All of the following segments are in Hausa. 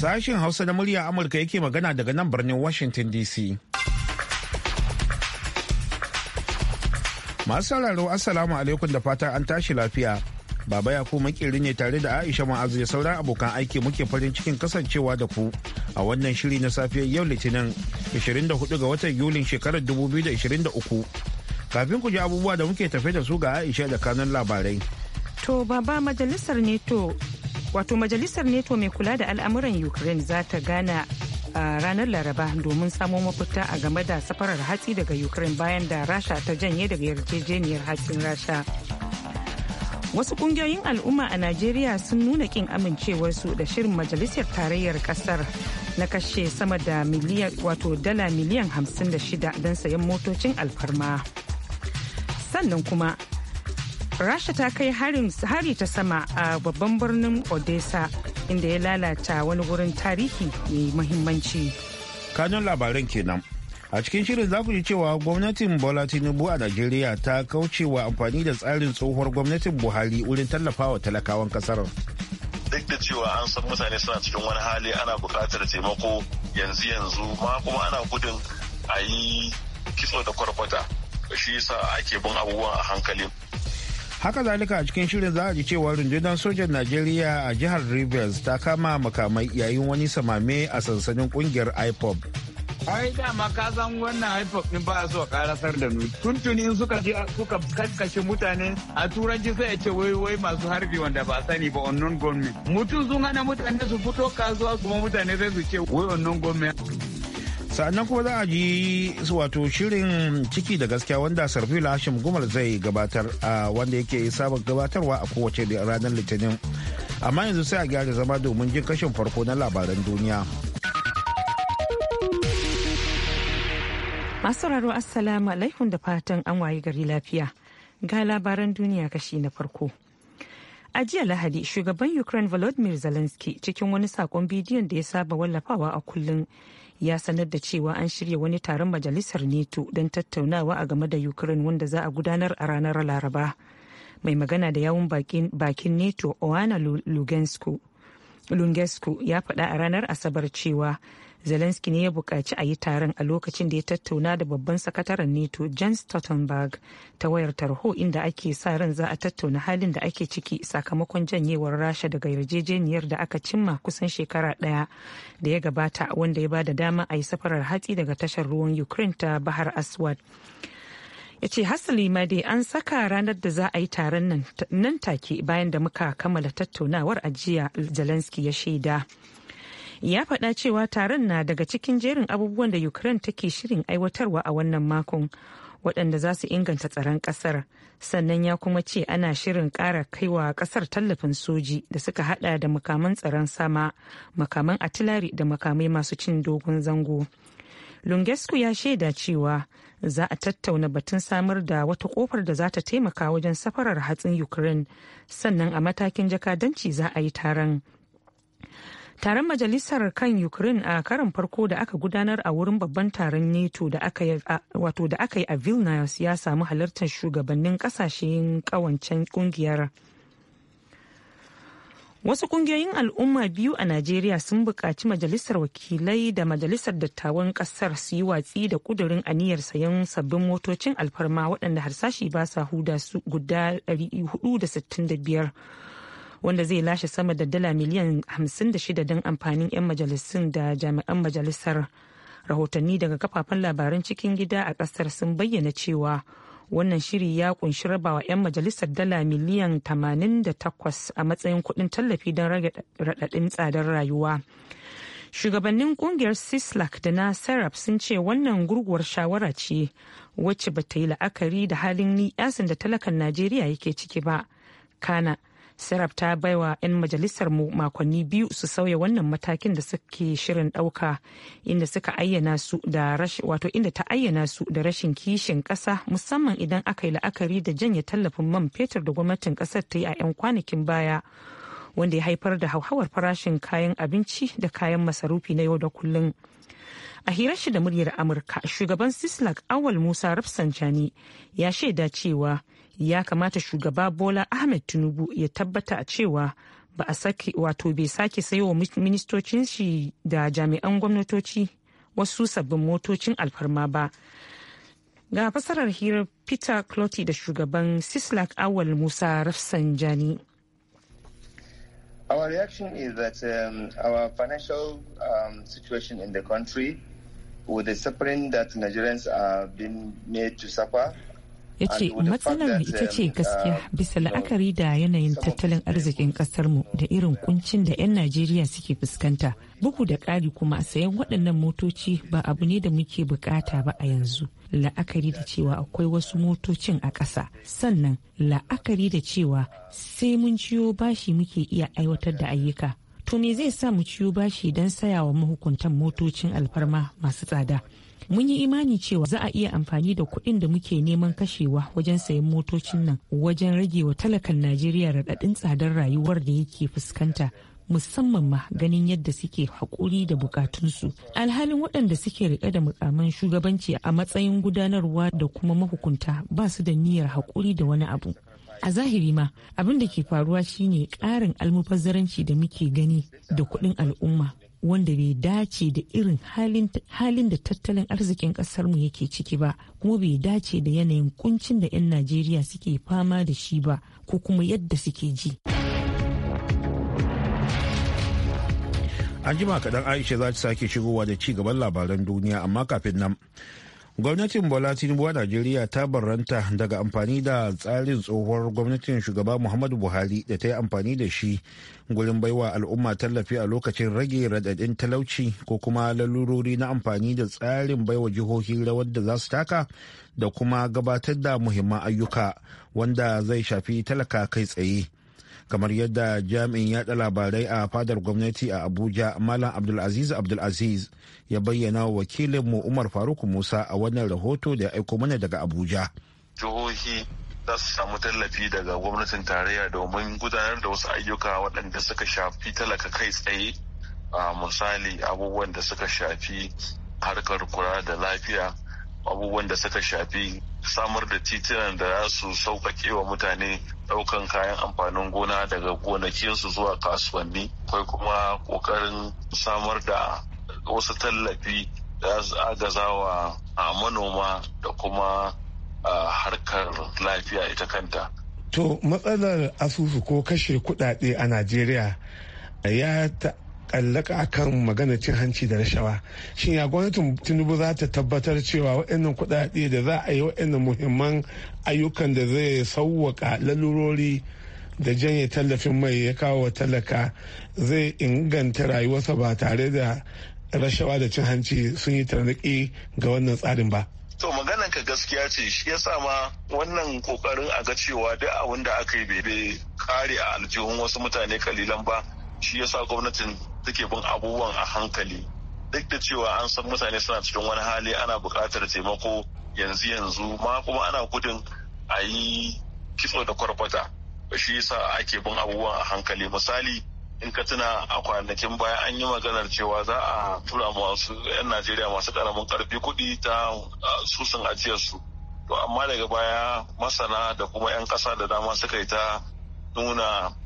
Sashen Hausa na murya Amurka yake magana daga nan birnin Washington DC. Masu sauraro Assalamu alaikum da fatan an tashi lafiya. Baba ya makeri ne tare da Aisha Ma'azu da sauran abokan aiki muke farin cikin kasancewa da ku a wannan shiri na safiyar yau Litinin 24 ga watan Yulin shekarar 2023. Kafin ku ji abubuwa da muke tafe da su ga Aisha da kanun labarai. To baba majalisar ne to wato majalisar neto mai kula da al'amuran ukraine za ta gana a ranar laraba domin samo mafita a game da safarar hatsi daga ukraine bayan da rasha ta janye daga yarjejeniyar hatsin rasha wasu kungiyoyin al'umma a najeriya sun nuna kin amincewarsu da shirin majalisar tarayyar kasar na kashe sama da miliyan wato dala miliyan 56 don sayan motocin alfarma sannan kuma rasha ta kai hari ta sama a babban birnin odessa inda ya lalata wani wurin tarihi mai muhimmanci kanun labaran kenan a cikin shirin za ku ji cewa gwamnatin bola tinubu a najeriya ta kaucewa amfani da tsarin tsohuwar gwamnatin buhari wurin tallafawa talakawan kasar duk da cewa an san mutane suna cikin wani hali ana buƙatar taimako yanzu yanzu ma kuma ana gudun a yi kitso da kwarkwata shi yasa ake bin abubuwan a hankali haka zalika a cikin shirin za a ji cewa rundunar sojan najeriya a jihar rivers ta kama makamai yayin wani samame a sansanin kungiyar ipob ai dama ka san wannan ipob din ba so karasar da nu tuntuni in suka ji suka kakkashe mutane a turanci sai ya ce wai wai masu harbi wanda ba sani ba unknown gunmen mutum sun hana mutane su fito kasuwa kuma mutane sai su ce wai unknown gunmen sa'annan kuma za a ji wato shirin ciki da gaskiya wanda sarfila hashim gumar zai gabatar a wanda yake saba gabatarwa a kowace ranar litinin amma yanzu sai a gyara zama domin jin kashin farko na labaran duniya masu sauraro assalamu alaikum da fatan an waye gari lafiya ga labaran duniya kashi na farko A jiya Lahadi, shugaban Ukraine Volodymyr Zelensky cikin wani sakon bidiyon da ya saba wallafawa a kullum ya sanar da cewa an shirya wani taron majalisar neto don tattaunawa a game da ukraine wanda za a gudanar a ranar laraba mai magana da yawun bakin neto oana lugansku ya faɗa a ranar asabar cewa zelensky ne ya buƙaci a yi taron a lokacin da ya tattauna da babban sakataren nato jens stoltenberg ta wayar tarho inda ake sa ran za a tattauna halin da ake ciki sakamakon janyewar rasha daga yarjejeniyar da aka cimma kusan shekara ɗaya da ya gabata wanda ya ba da dama a yi safarar hatsi daga tashar ruwan ukraine ta bahar aswad ya ce hasali ma dai an saka ranar da za a yi taron nan take bayan da muka kammala tattaunawar ajiya zelensky ya shaida ya faɗa cewa taron na daga cikin jerin abubuwan da ukraine take shirin aiwatarwa a wannan makon waɗanda za su inganta tsaron ƙasar sannan ya kuma ce ana shirin ƙara kaiwa ƙasar tallafin soji da suka haɗa da makaman tsaron sama makaman atilari da makamai masu cin dogon zango lungescu ya shaida cewa za a tattauna batun samar da wata kofar da za ta taimaka wajen safarar hatsin ukraine sannan a matakin jakadanci za a yi taron Taron majalisar kan Ukraine a karan farko da aka gudanar a wurin babban taron NATO da aka yi a Vilnius ya samu halartar shugabannin kasashen kawancen kungiyar. Wasu kungiyoyin al'umma biyu a Najeriya sun buƙaci majalisar wakilai da majalisar dattawan ƙasar su yi watsi da ƙudurin aniyar sayan sabbin motocin alfarma waɗanda harsashi ba sa huda su guda 465. wanda zai lashe sama da dala miliyan 56 don amfanin 'yan majalisun da jami'an majalisar rahotanni daga kafafen labaran cikin gida a kasar sun bayyana cewa wannan shiri ya kunshi rabawa 'yan majalisar dala miliyan 88 a matsayin kudin tallafi don rage radadin tsadar rayuwa shugabannin kungiyar sislak da na serap sun ce wannan gurguwar shawara ce wacce ba ta yi la'akari da halin ni'yasin da talakan najeriya yake ciki ba kana sarab ta baiwa 'yan majalisar mu makonni biyu su sauya wannan matakin da suke shirin ɗauka inda suka ayyana su da wato inda ta ayyana su da rashin kishin ƙasa musamman idan aka yi la'akari da janye tallafin man fetur da gwamnatin ƙasar ta yi a 'yan kwanakin baya wanda ya haifar da hauhawar farashin kayan abinci da kayan masarufi na yau da kullum. a hirar shi da muryar amurka shugaban sislak awal musa rafsanjani ya shaida cewa ya kamata shugaba bola ahmed tinubu ya tabbata a cewa ba a sake wato bai sake sayowa ministocin shi da jami'an gwamnatoci wasu sabbin motocin alfarma ba ga fasarar hirar peter clotty da shugaban sislak awal musa rafsanjani Our reaction is that um, our financial um, situation in the country with the suffering that Nigerians are being made to suffer ya ce matsalar ita ce gaskiya bisa la'akari da yanayin tattalin arzikin kasarmu da irin kuncin da 'yan najeriya suke fuskanta bugu da ƙari kuma sayan waɗannan motoci ba abu ne da muke bukata ba a yanzu la'akari da cewa akwai wasu motocin a ƙasa sannan la'akari da cewa sai mun ciyo bashi muke iya aiwatar da ayyuka to me zai sa mu ciyo bashi don saya wa mahukuntan motocin alfarma masu tsada mun yi imani cewa za a iya amfani da kuɗin da muke neman kashewa wajen sayan motocin nan wajen rage wa talakan najeriya raɗaɗin tsadar rayuwar da yake fuskanta musamman ma ganin yadda suke haƙuri da bukatunsu alhalin waɗanda suke riƙe da mukaman shugabanci a matsayin gudanarwa da kuma mahukunta ba su da niyyar haƙuri da wani abu a zahiri ma abin da ke faruwa shine ƙarin almubazzaranci da muke gani da kuɗin al'umma wanda bai dace da irin halin da tattalin arzikin mu yake ciki ba kuma bai dace da yanayin kuncin da 'yan najeriya suke fama da shi ba ko kuma yadda suke ji an jima kaɗan aisha za ta sake shigowa da ci gaban labaran duniya amma kafin nan gwamnatin bola tinubu a najeriya ta barranta daga amfani da tsarin tsohuwar gwamnatin shugaba muhammadu buhari da ta yi amfani da shi gurin baiwa al'umma tallafi a lokacin rage radadin talauci ko kuma lalurori na amfani da tsarin baiwa jihohi rawar da za su taka da kuma gabatar da muhimman ayyuka wanda zai shafi talaka kai tsaye kamar yadda jami'in yada labarai a fadar gwamnati a abuja malam abdulaziz abdulaziz ya bayyana wa mu umar faruk musa a wannan rahoto da ya aiko mana daga abuja jihohi za su samu tallafi daga gwamnatin tarayya domin gudanar da wasu ayyuka waɗanda suka shafi talaka kai tsaye a misali abubuwan da suka shafi harkar kura da lafiya abubuwan da suka shafi samar da titunan da za su sauƙaƙe wa mutane ɗaukan kayan amfanin gona daga gonakinsu zuwa kasuwanni akwai kuma ƙoƙarin samar da wasu tallafi da su agazawa a manoma da kuma harkar lafiya ita kanta. To matsalar asusu ko kashe kuɗaɗe a Najeriya ya kallaka akan magana cin hanci da rashawa shin ya gwamnatin tinubu za ta tabbatar cewa waɗannan kuɗaɗe da za a yi waɗannan muhimman ayyukan da zai sauwaka lalurori da janye tallafin mai ya kawo talaka zai inganta rayuwarsa ba tare da rashawa da cin hanci sun yi tarnaki ga wannan tsarin ba. To maganan ka gaskiya ce shi ya sa ma wannan kokarin a ga cewa duk abin da aka yi bai kare a aljihun wasu mutane kalilan ba shi ya sa gwamnatin suke bin abubuwan a hankali duk da cewa an san mutane suna cikin wani hali ana buƙatar taimako yanzu yanzu ma kuma ana gudun a yi kitso da kwarkwata shi yasa ake bin abubuwan a hankali misali in ka tuna a kwanakin baya an yi maganar cewa za a tura masu 'yan najeriya masu karamin karfi kuɗi ta susun ajiyarsu to amma daga baya masana da kuma 'yan ƙasa da dama suka yi ta nuna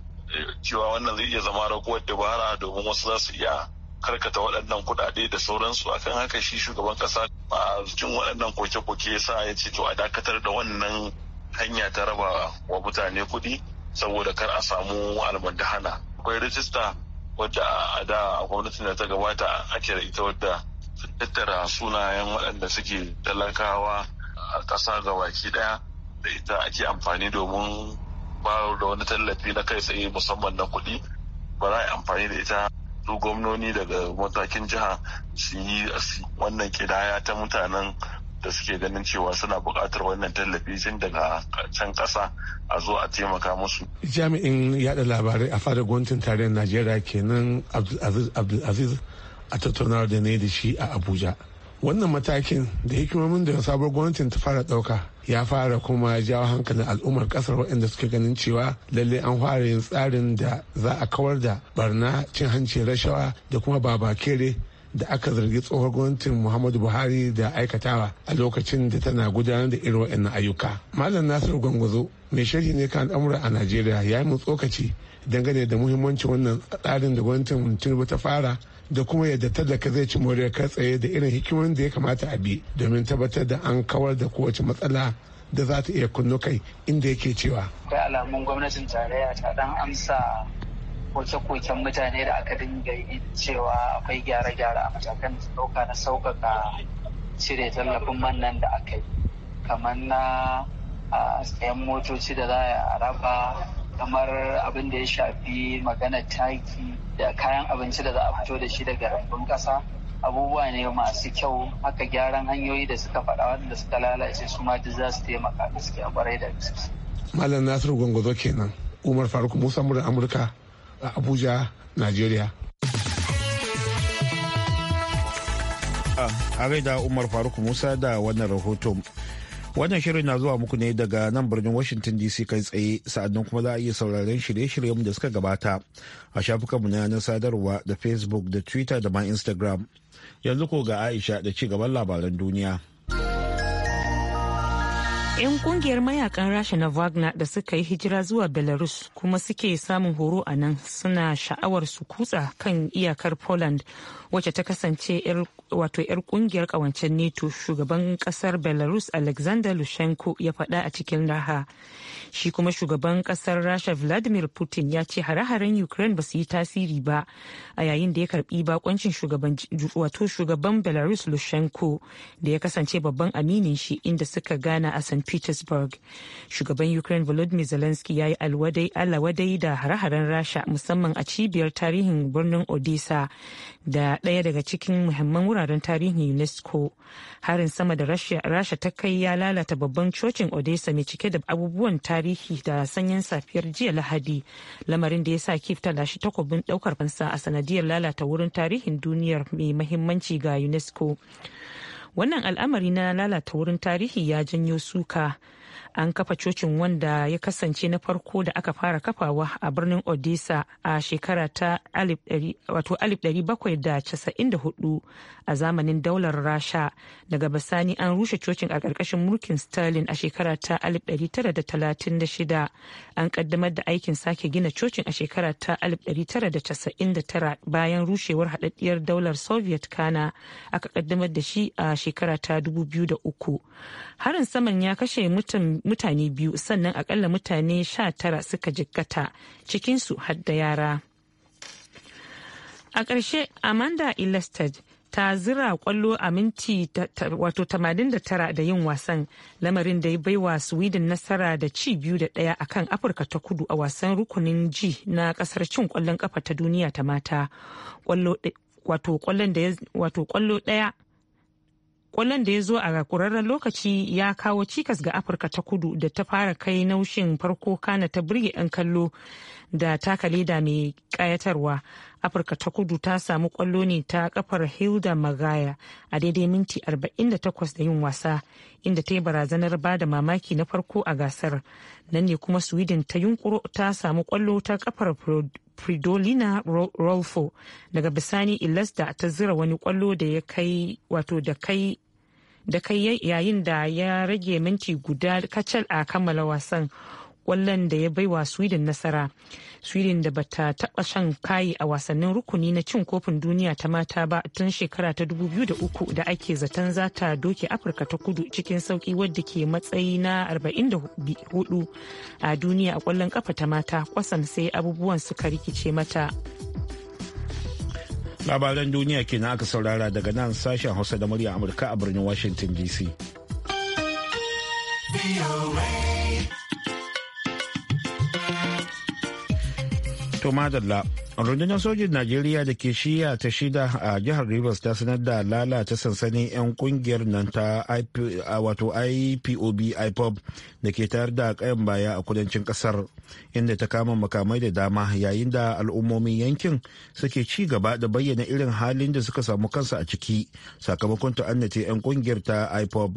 cewa wannan zai iya zama raguwar dabara domin wasu za su iya karkata waɗannan kuɗaɗe da sauransu a kan haka shi shugaban ƙasa a cikin waɗannan koke-koke ya sa ya ce to a dakatar da wannan hanya ta raba wa mutane kuɗi saboda kar a samu almandahana akwai rijista wadda a da a gwamnatin da ta gabata ake da ita wadda tattara sunayen waɗanda suke talakawa a ƙasa ga baki ɗaya da ita ake amfani domin ba da wani tallafi na kai tsaye musamman na kuɗi ba za a yi amfani da ita su gwamnoni daga matakin jiha su yi wannan kidaya ta mutanen da suke ganin cewa suna buƙatar wannan tallafi tun daga can ƙasa a zo a taimaka musu. jami'in yada labarai a fadar gwamnatin tarihin najeriya kenan abdulaziz a tattaunawar da ne da shi a abuja wannan matakin da hikimomin da sabuwar gwamnatin ta fara ɗauka ya fara kuma jawo hankalin al'ummar kasar waɗanda suke ganin cewa lalle an fara yin tsarin da za a kawar da barna cin hanci rashawa da kuma babakere da aka zargi tsohon gwamnatin muhammadu buhari da aikatawa a lokacin da tana gudanar da irin waɗannan ayyuka malam nasiru gwangwazo mai sharhi ne kan al'amura a najeriya ya yi mu tsokaci dangane da muhimmancin wannan tsarin da gwamnatin tinubu ta fara da kuma yadda ka zai ci moriyar ka tsaye da irin hikimar da ya kamata a bi domin tabbatar da an kawar da kowace matsala da za ta iya kunnu kai inda yake cewa. Akwai alamun gwamnatin tarayya ta dan amsa koke-koken mutane da aka dinga yi cewa akwai gyare gyara a matakan da ɗauka na sauƙaƙa cire tallafin man nan da aka yi kamar na sayan motoci da za a raba kamar abin da ya shafi magana taki da kayan abinci da za a fito da shi daga rambun ƙasa abubuwa ne masu kyau haka gyaran hanyoyi da suka faɗa wanda suka lalace su ma za su taimaka gaskiya kwarai da gaske. Malam Nasiru Gwangwazo kenan Umar Faruk Musa Murar Amurka a Abuja, nigeria. A gaida Umar Faruk Musa da wannan rahoton. Wannan shirin na zuwa muku ne daga nan birnin Washington DC kai tsaye sa'annan kuma za a iya sauraren shirye-shiryen da suka gabata a shafukanmu na yanar sadarwa da Facebook da Twitter da ma Instagram. Yanzu ko ga Aisha da ci gaban labaran duniya. 'Yan kungiyar mayakan Rasha na Wagner da suka yi hijira zuwa Belarus kuma suke samun horo a nan suna sha'awar su kutsa kan iyakar Poland wacce ta kasance wato 'yar kungiyar kawancen NATO shugaban kasar Belarus Alexander Lushenko ya faɗa a cikin raha. Shi kuma shugaban kasar Rasha Vladimir Putin ya ce hare-haren Ukraine ba su yi tasiri ba a yayin da ya karbi bakoncin shugaban wato shugaban Belarus Lushenko da ya kasance babban aminin shi inda suka gana a St. petersburg shugaban ukraine volodymyr zelensky ya yi alawadai da hare-haren rasha musamman a cibiyar tarihin birnin odisa da ɗaya daga cikin muhimman wuraren tarihin unesco harin sama da rasha ta kai ya lalata babban cocin odisa mai cike da abubuwan tarihi da sanyin safiyar jiya lahadi lamarin da ya sa kif ta lashe takobin ɗaukar fansa a sanadiyar lalata wurin tarihin duniyar mai mahimmanci ga unesco wannan al'amari na lalata wurin tarihi ya janyo suka an kafa cocin wanda ya kasance na farko da aka fara kafawa a birnin odisa a shekara ta 1794 a zamanin daular rasha daga basani an rushe cocin a ƙarƙashin mulkin stalin a shekara ta 1936 an kaddamar da aikin sake gina cocin a shekara ta 1999 bayan rushewar haɗaɗɗiyar daular soviet kana aka kaddamar da shi a shekara ta 2003 harin saman ya kashe mutum mutane biyu sannan akalla mutane sha tara suka jikkata cikinsu har da yara. A ƙarshe Amanda Ilestad ta zira kwallo a minti wato 89 da yin wasan lamarin da ya baiwa Sweden nasara da ci biyu da ɗaya akan Afirka ta kudu a wasan rukunin ji na ƙasar cin kwallon ƙafa ta duniya ta mata. Wato kwallon ɗaya kwallon da ya zo a kurarren lokaci ya kawo cikas ga afirka ta kudu da ta fara kai naushin farko kana ta birge 'yan kallo da taka leda mai ƙayatarwa afirka ta kudu ta samu kwallo ne ta kafar hilda magaya a daidai minti 48 da yin wasa inda ta yi barazanar ba da mamaki na farko a gasar nan ne kuma sweden ta yunkuro ta samu kwallo ta kafar Fridolina Rolfo daga bisani ilasta ta zira wani kwallo da ya kai wato da kai da kai yayin da ya rage minti guda kacal a kammala wasan kwallon da ya baiwa sweden nasara sweden da bata taba shan kayi a wasannin rukuni na cin kofin duniya ta mata ba tun shekara ta 2003 da ake zaton zata doke afirka ta kudu cikin sauki wadda ke matsayi na 44 a duniya a kwallon kafa ta mata kwasan sai abubuwan suka rikice mata labaran duniya kenan aka saurara daga nan sashen hausa da murya amurka a birnin washington dc To madalla, rundunar sojin Najeriya da ke shiya ta shida a jihar Rivers ta sanar da lalata sansanin 'yan kungiyar nan ta wato IPOB IPOB da ke tayar da kayan baya a kudancin kasar inda ta kama makamai da dama yayin da al'ummomin yankin suke ci gaba da bayyana irin halin da suka samu kansa a ciki sakamakon ta'annace 'yan kungiyar ta IPOB.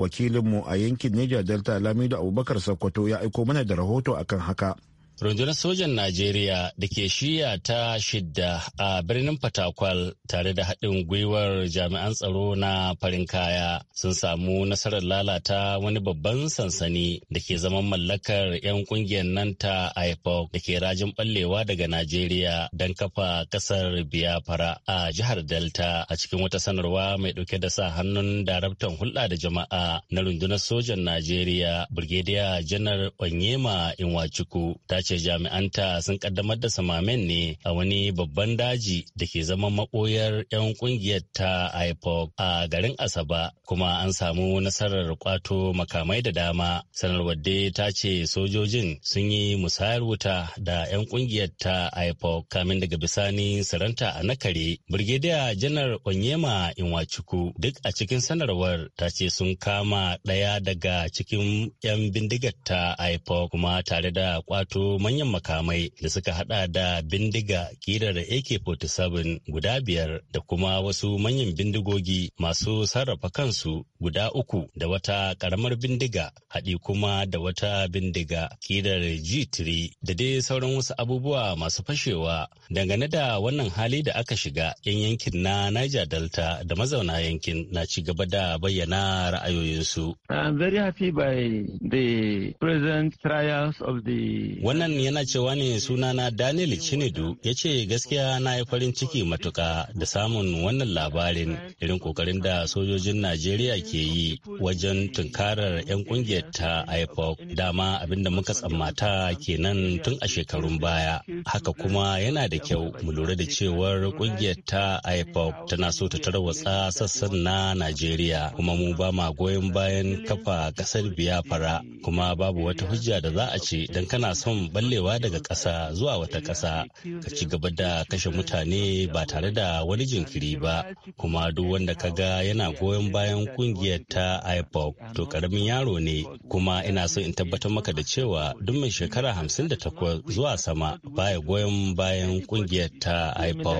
Wakilinmu a yankin Niger Delta Lamido Abubakar Sokoto ya aiko mana da rahoto akan haka. rundunar sojan najeriya da ke shirya ta shidda a birnin fatakwal tare da haɗin gwiwar jami'an tsaro na farin kaya sun samu nasarar lalata wani babban sansani da ke zaman mallakar 'yan ƙungiyar nan ta ipoc da ke rajin ɓallewa daga najeriya don kafa ƙasar biafra a jihar delta a cikin wata sanarwa mai ɗauke da sa hannun daraktan hulɗa da jama'a na rundunar sojan najeriya Birgediya, janar onyema inwachuku ta ce jami'anta sun kaddamar da samamen ne a wani babban daji da ke zama makoyar 'yan kungiyar ta ipoc a garin asaba kuma an samu nasarar kwato makamai da dama sanarwar dai ta ce sojojin sun yi musayar wuta da 'yan kungiyar ta ipoc kamin daga bisani saranta a nakare birgediya janar onyema inwachuku duk a cikin sanarwar ta ce sun kama ɗaya daga cikin 'yan bindigar ta ipoc kuma tare da kwato manyan makamai da suka hada da bindiga kirar AK-47 guda biyar da kuma wasu manyan bindigogi masu sarrafa kansu guda uku da wata karamar bindiga haɗi kuma da wata bindiga kirar G3 da dai sauran wasu abubuwa masu fashewa dangane da wannan hali da aka shiga 'yan yankin na Niger Delta da mazauna yankin na ci gaba da bayyana ra'ayoyinsu. I'm very happy by the present trials of the Wannan nan yana cewa ne sunana Daniel Chinedu ya ce gaskiya na yi farin ciki matuka da samun wannan labarin irin kokarin da sojojin Najeriya ke yi wajen tunkarar 'yan kungiyar ta IPOC dama abinda muka tsammata kenan tun a shekarun baya. Haka kuma yana da kyau mu lura da cewar kungiyar ta IPOC tana so ta tarwatsa sassan na Najeriya kuma mu ba ma goyon bayan kafa kasar fara kuma babu wata hujja da za a ce don kana son ballewa daga ƙasa zuwa wata ƙasa ka ci gaba da kashe mutane ba tare da wani jinkiri ba kuma duk wanda ka ga yana goyon bayan kungiyar ta ipoc to karamin yaro ne kuma ina so in tabbatar maka da cewa duk mai shekara hamsin da takwas zuwa sama baya goyon bayan kungiyar ta ipoc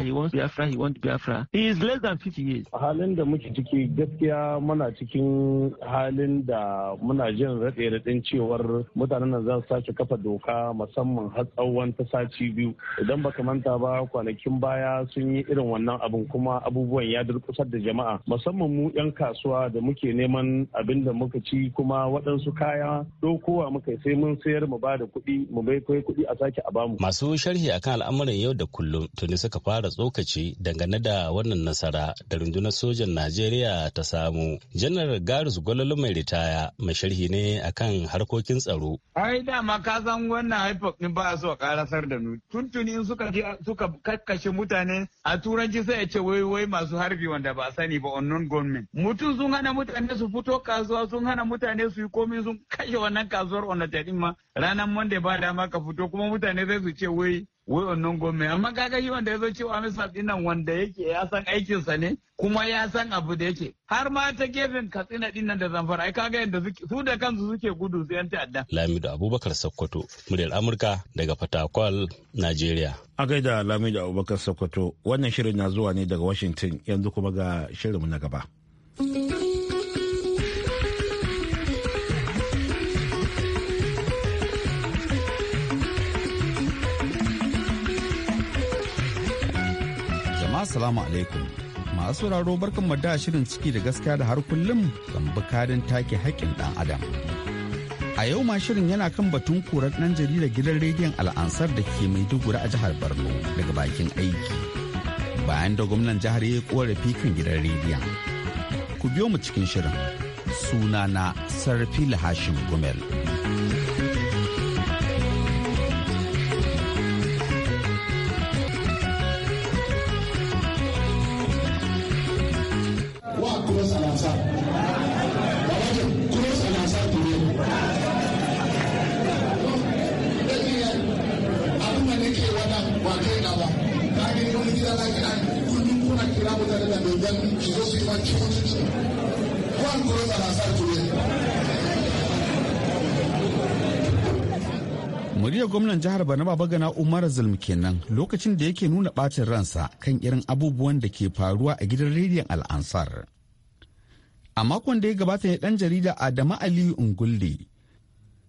halin da muke ciki gaskiya muna cikin halin da muna jin raɗe-raɗin cewar mutanen nan za su sake kafa doka musamman har tsawon ta sati biyu idan baka manta ba kwanakin baya sun yi irin wannan abin kuma abubuwan ya durkusar da jama'a musamman mu 'yan kasuwa da muke neman abin da muka ci kuma waɗansu kaya dokowa muka sai mun sayar mu ba da kuɗi mu bai kai kuɗi a sake a bamu. masu sharhi akan al'amuran yau da kullum tuni suka fara tsokaci dangane da wannan nasara da rundunar sojan najeriya ta samu janar garis gwalolo mai ritaya mai sharhi ne akan harkokin tsaro. ai dama ka san wannan network in ba so karasar da nu tuntuni suka suka kakkashe mutane a turanci sai ya ce wai wai masu harbi wanda ba a sani ba unknown gunmen mutum sun hana mutane su fito kasuwa sun hana mutane su yi komai sun kashe wannan kasuwar on din ma ranar monday ba dama ka fito kuma mutane zai su ce wai wai wannan gome amma kaga shi wanda ya zo cewa misal dinnan wanda yake ya san aikinsa ne kuma ya san abu da yake har ma ta gefen katsina dinnan da zamfara ai kaga yadda su da kansu suke gudu su yan ta'adda lamido abubakar sokoto muryar amurka daga fatakwal nigeria a gaida lamido abubakar sokoto wannan shirin na zuwa ne daga washington yanzu kuma ga shirinmu na gaba Assalamu alaikum. Masu sauraro barkan mu da shirin ciki da gaskiya da har kullum kan bukadin take haƙƙin ɗan adam. A yau ma shirin yana kan batun korar ɗan jaridar gidan rediyon al'ansar da ke Maiduguri a jihar Borno daga bakin aiki. Bayan da gwamnan jihar ya korafi kan gidan rediyon. Ku biyo mu cikin shirin. Sunana Sarfil Hashim Gumel. muriya Muryar gwamnan jihar baba Bagana Umar Zulm kenan lokacin da yake nuna bacin ransa kan irin abubuwan da ke faruwa a gidan rediyon Al'ansar. A makon da ya gabata ne dan jarida Adamu Aliyu Ungulde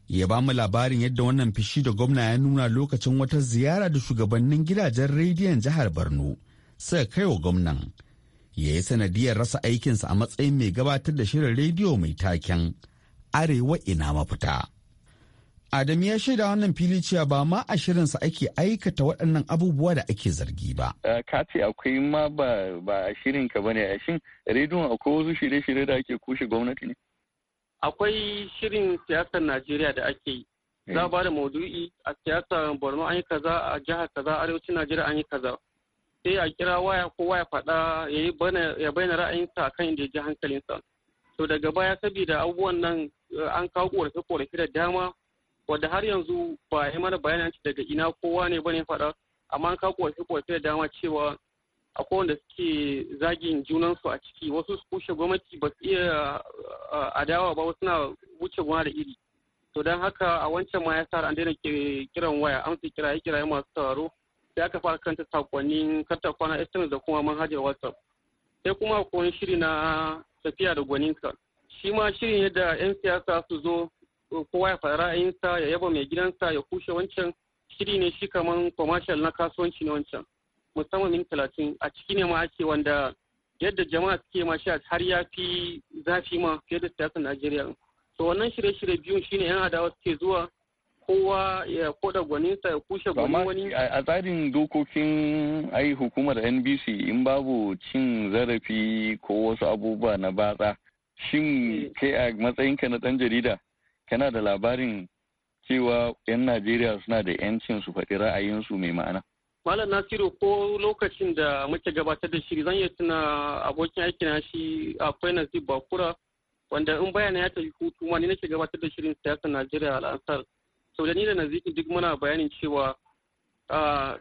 ya ba mu labarin yadda wannan fishi da gwamna ya nuna lokacin wata ziyara da shugabannin gidajen rediyon jihar Borno suka kai wa gwamnan ya yi sanadiyar rasa aikinsa a matsayin mai gabatar da shirin rediyo mai taken arewa ina mafita. Adam ya shaida wannan fili cewa ba ma a shirinsa ake aikata waɗannan abubuwa da ake zargi ba. Ka akwai ma ba a shirin ka bane a shin rediyon akwai wasu shirye-shirye da ake kushe gwamnati ne? Akwai shirin siyasar Najeriya da ake yi. Za eh. ba da maudu'i a siyasar Borno an yi kaza a jihar kaza arewacin Najeriya an yi kaza. sai a kira waya ko waya faɗa ya bayyana ra'ayinsa a kan inda ya ji hankalinsa to daga baya saboda abubuwan nan eh, an kawo korafe korafe da dama wadda har yanzu ba ya mana bayanin daga ina kowa ne bane faɗa amma an kawo korafe korafe da dama cewa akwai wanda suke zagin junansu a ciki wasu su kushe gwamnati ba su iya adawa ba wasu na wuce gwamna da iri to don haka a wancan ma ya sa an daina kiran waya amsa kiraye kiraye masu sauraro sai aka kanta sakonnin karta kwana sms da kuma manhajar whatsapp sai kuma akwai shiri na tafiya da gwaninka shi ma shirin yadda 'yan siyasa su zo kowa ya faɗa ra'ayinsa ya yaba mai gidansa ya kushe wancan shiri ne shi kamar commercial na kasuwanci ne wancan musamman min talatin a ciki ne ma ake wanda yadda jama'a suke ma shi har ya fi zafi ma fiye da siyasar najeriya to wannan shirye-shirye biyun shine yan adawa suke zuwa kowa ya koda gwaninsa ya kushe gwanin wani a tsarin dokokin ai hukumar NBC in babu cin zarafi ko wasu abubuwa na batsa shin eh. kai a matsayinka na dan jarida kana da labarin cewa 'yan Najeriya suna da 'yancin su faɗi ra'ayinsu mai ma'ana. Malam Nasiru ko lokacin da muke gabatar da shiri zan iya tuna abokin aikina shi akwai Nazib Bakura wanda in bayana ya tafi hutu ma ni nake gabatar da shirin siyasar Najeriya al'ansar sau da ni da nazikin duk muna bayanin cewa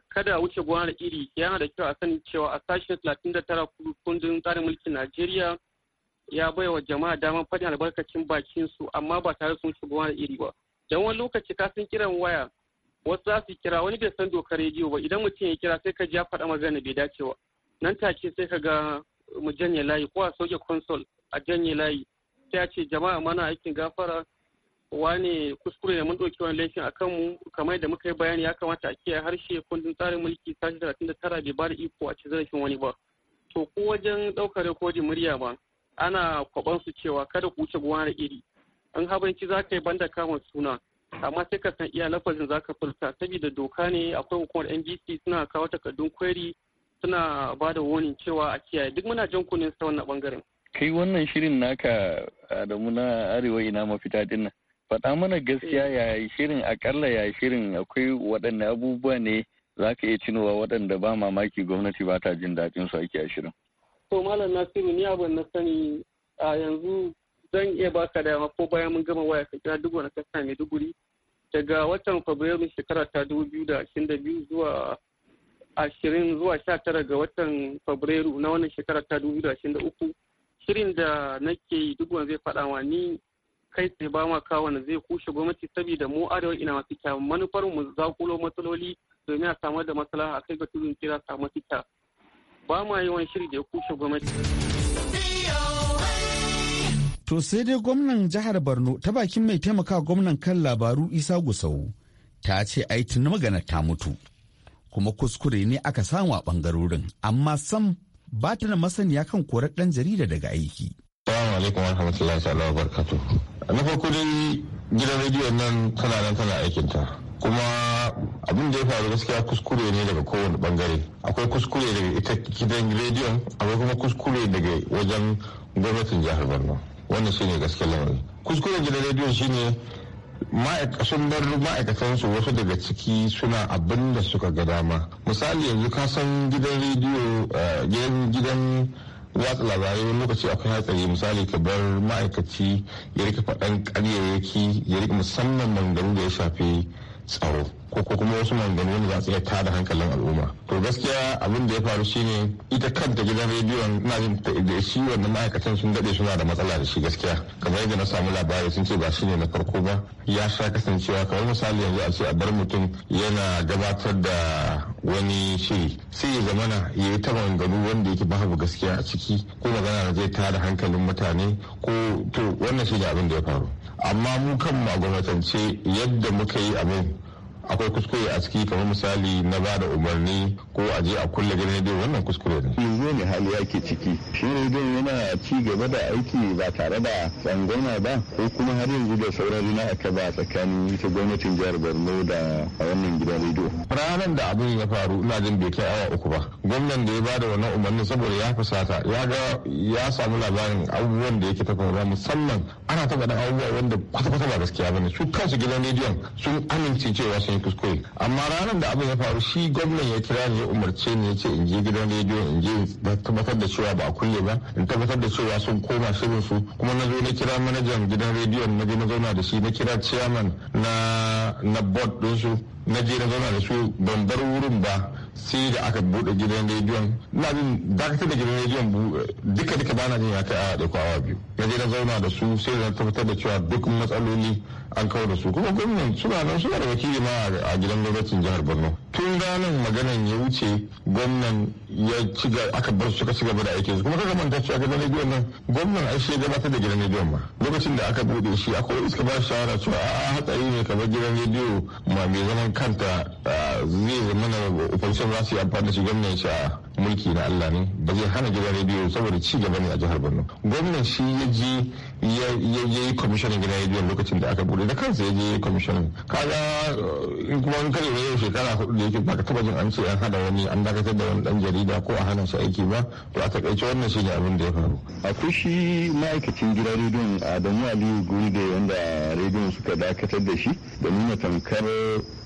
kada wuce gona da iri yana da kyau a sani cewa a sashen 39 kundin tsarin mulkin najeriya ya bai wa jama'a damar faɗin albarkacin bakin su amma ba tare sun wuce gona da iri ba don wani lokaci ka san kiran waya wasu za su kira wani bai san dokar rediyo ba idan mutum ya kira sai ka ji ya faɗa magana bai dace ba nan take sai ka ga mu janye layi ko a sauke konsol a janye layi sai a ce jama'a mana aikin gafara wani kuskure da mun ɗauki wani laifin a kanmu kamar da muka yi bayani ya kamata a kiyaye harshe kundin tsarin mulki sashi talatin da tara bai ba da iko a ci zarafin wani ba to ko wajen ɗaukar rikodin murya ba ana kwaban su cewa kada ku wuce gona da iri in habanci za ka yi banda kama suna amma sai ka san iya lafazin za ka furta saboda doka ne akwai hukumar nbc suna kawo takardun kwari suna ba da wani cewa a kiyaye duk muna jan kunun sa wannan bangaren kai wannan shirin naka da muna arewa ina mafita din faɗa mana gaskiya eh. ya shirin akalla ya shirin akwai waɗanne abubuwa ne za ka iya cinowa waɗanda ba mamaki gwamnati ba ta jin daɗin su ake a shirin. to malam nasiru ni abin na sani a yanzu zan iya baka dama ko bayan mun gama waya ka kira duk wani kasa mai duguri daga watan fabrairu shekara ta dubu biyu da ashirin da biyu zuwa ashirin zuwa sha tara ga watan fabrairu na wannan shekara ta dubu biyu da ashirin da uku shirin da nake yi duk wani zai faɗa wa ni kai tsaye ba ma kawo wanda zai kushe gwamnati saboda mu arewa ina masu kyawun manufar mu zakulo matsaloli domin a samar da masala a kai ga tudun kira samu fita ba ma yawan shiri da ya kushe gwamnati. To sai dai gwamnan jihar Borno ta bakin mai taimaka gwamnan kan labaru Isa Gusau ta ce ai tuni magana ta mutu kuma kuskure ne aka samu a bangarorin amma sam ba ta da masaniya kan korar ɗan jarida daga aiki. Assalamu alaikum warahmatullahi ta'ala na farko dai gidan rediyo nan tana nan tana aikinta kuma abin da ya faru gaskiya kuskure ne daga kowane bangare akwai kuskure daga ita gidan rediyon akwai kuma kuskure daga wajen gwamnatin jihar borno wannan shi ne gaskiya lamarin kuskuren gidan rediyon shine sun bar ma'aikatansu wasu daga ciki suna abin da suka ga dama misali yanzu ka san gidan rediyo eh, gidan watsa labarai wani lokaci akwai hatsari misali ka bar ma'aikaci ya rika faɗan ƙaryayyaki ya rika musamman mangaru da ya shafi tsaro ko kuma wasu maganganu wanda za su iya tada hankalin al'umma to gaskiya abin da ya faru shine ita kanta gidan rediyon na jin da shi wannan ma'aikatan sun daɗe suna da matsala da shi gaskiya kamar yadda na samu labarai sun ce ba shi ne na farko ba ya sha kasancewa kamar misali yanzu a ce a bar mutum yana gabatar da wani shiri sai ya zamana ya yi ta maganganu wanda yake babu gaskiya a ciki ko magana da zai tara hankalin mutane ko to wannan shi da abin da ya faru amma mu kan a gwamnatance yadda muka yi abin akwai kuskure a ciki kamar misali na ba da umarni ko a je a kulle gidan rediyo wannan kuskure ne. yanzu ne hali yake ciki shi don yana ci gaba da aiki ba tare da tsangwama ba ko kuma har yanzu da sauran rina aka ba tsakanin ita gwamnatin jihar borno da wannan gidan rediyo. ranar da abin ya faru ina jin bai kai awa uku ba gwamnan da ya ba da wannan umarni saboda ya fusata ya ga ya samu labarin abubuwan da yake ke musamman ana da abubuwa wanda kwata-kwata ba gaskiya bane su kansu gidan rediyon sun amince cewa sun cikin kuskure amma ranar da abin ya faru shi gwamnan ya kira ni ya umarce ni ya ce in je gidan rediyo in je na tabbatar da cewa ba a kulle ba in tabbatar da cewa sun koma shirin su kuma na zo na kira manajan gidan rediyon na je na zauna da shi na kira chairman na na board din su na je na zauna da su ban bar wurin ba sai da aka buɗe gidan rediyon ina jin dakatar da gidan rediyon duka duka bana jin ya kai a da kwawa biyu na je na zauna da su sai da tabbatar da cewa duk matsaloli an kawo da su kuma gwamnan suna nan suna da wakili ma a gidan gwamnatin jihar borno tun ranar maganan ya wuce gwamnan ya ci ga aka bar su suka gaba da aikin su kuma kaga manta cewa gidan rediyon nan gwamnan ai shi gabatar da gidan rediyon ma lokacin da aka bude shi akwai iska ba shawara cewa a hatsari ne kamar gidan rediyo ma mai zaman kanta ah, zai zama na opposition za su amfani da shi gwamnan shi a mulki na Allah ne ba zai hana gidan rediyo saboda ci gaba ne a jihar Borno gwamnati shi ya je ya yi commissioning gidan rediyo lokacin da aka bude da kansa ya je commissioning kaga uh, in kuma an kare yau shekara hudu da yake ba ka taba jin an ce an hada wani an dakatar da wani dan jarida ko a hana su aiki ba to a takaice wannan shi ne abin da ya faru akwai shi ma'aikacin gidan rediyon Adamu Aliyu Guri da wanda rediyon suka dakatar da shi da nuna tamkar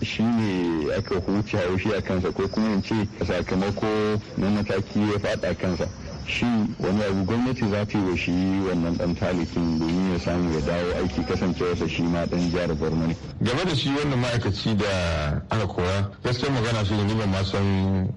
shi ne aka huce haushi a kansa ko kuma in ce sakamako na mataki ya fada kansa shi wani abu gwamnati za ta yi wa shi wannan dan talikin domin ya samu ya dawo aiki da shi ma dan jihar borno ne game da shi wannan ma'aikaci da aka koya gaskiyar magana shi ne ban ma san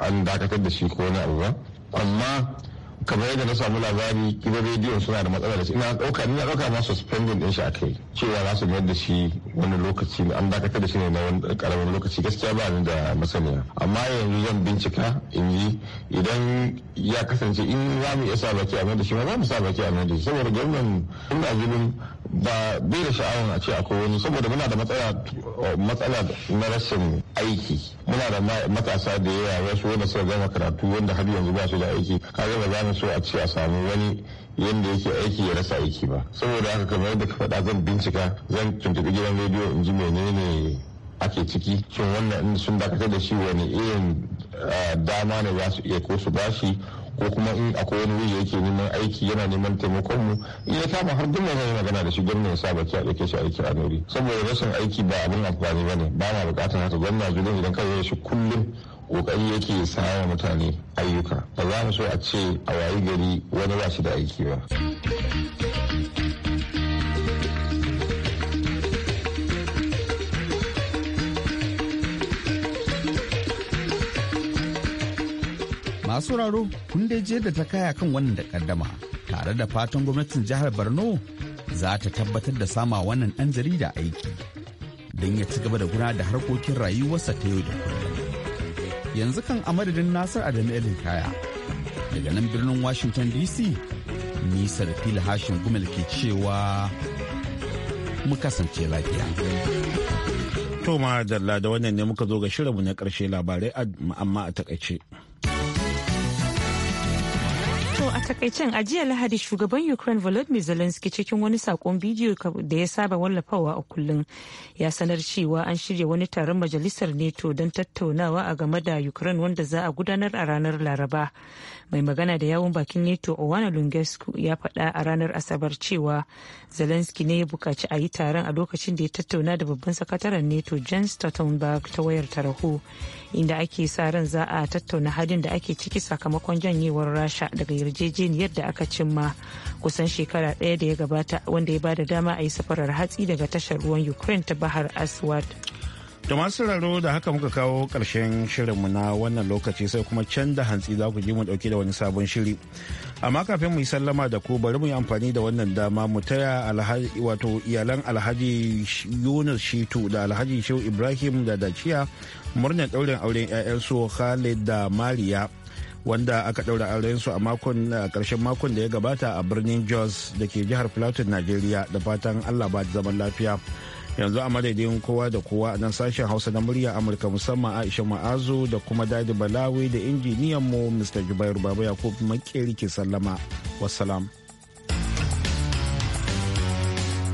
an dakatar da shi ko wani abu ba amma kamar yadda na samu labari gidan rediyon suna da matsala da shi ina ni ina ɗauka ma suspending ɗin shi a kai cewa za su mayar da shi wani lokaci an dakatar da shi ne na wani karamin lokaci gaskiya ba ni da masaniya amma yanzu zan bincika in yi idan ya kasance in za mu iya sa baki a mayar da shi ma za mu sa baki a mayar da shi saboda gwamnan ina zulun ba bai da sha'awar a ce akwai wani saboda muna da matsala na rashin aiki muna da matasa da yawa wasu wanda suka gama karatu wanda har yanzu ba su da aiki kaga ba za mu so a ce a samu wani yadda yake aiki ya rasa aiki ba saboda haka kamar yadda ka faɗa zan bincika zan tuntuɓi gidan rediyo in ji menene ake ciki shin wannan sun dakatar da shi wani irin eh, dama ne za su iya ko su bashi ko kuma in akwai wani wuri yake neman aiki yana neman taimakon mu in ya kama har duk wani magana da shi gwamna ya sa baki a ɗauke shi aiki a nuri saboda rashin aiki ba abin amfani ba ne ba na buƙatar haka gwamna zuwa idan yi shi kullum kokari yake sawa mutane ayyuka ba za mu so a ce a wayi gari wani ba shi da aiki ba. Masu raro kun dai je da ta kaya kan wannan da kaddama tare da fatan gwamnatin jihar Borno za ta tabbatar da sama wannan dan jarida aiki don ya ci gaba da gudanar da harkokin rayuwarsa ta yau da kullum. Yanzu kan a madadin Nasir Adamu Elin Kaya daga nan birnin Washington DC nisar fil hashin gumel ke cewa mu kasance lafiya. To ma da wannan ne muka zo ga shirinmu na ƙarshe labarai amma a takaice. takaicen a jiya lahadi shugaban ukraine volodymyr zelensky cikin wani sakon bidiyo da ya saba wallafawa a kullum ya sanar cewa an shirya wani taron majalisar neto don tattaunawa a game da ukraine wanda za a gudanar a ranar laraba mai magana da yawun bakin neto owana lungescu ya faɗa a ranar asabar cewa zelensky ne ya bukaci a yi taron a lokacin da ya tattauna da babban sakataren neto jens stoltenberg ta wayar tarho inda ake sa ran za a tattauna hadin da ake ciki sakamakon janyewar rasha daga yarjejeniyar da aka cimma kusan shekara ɗaya da ya gabata wanda ya ba da dama a yi safarar hatsi daga tashar ruwan ukraine ta bahar aswad To masu sauraro da haka muka kawo ƙarshen shirinmu na wannan lokaci sai kuma can da hantsi za ku ji mu ɗauke da wani sabon shiri. Amma kafin mu yi sallama da ku bari mu yi amfani da wannan dama mu taya wato iyalan Alhaji Yunus Shitu da Alhaji Shehu Ibrahim da Daciya murnar ɗaurin auren 'ya'yansu Khalid da Mariya. wanda aka ɗaura aurensu a makon ƙarshen makon da ya gabata a birnin jos da ke jihar plateau najeriya da fatan allah ba zaman lafiya yanzu a madadin kowa da kowa a nan sashen hausa na murya amurka musamman aisha ma'azu da kuma dadi balawi da injiniyan mu mr jubairu baba yakub makeri ke sallama wassalam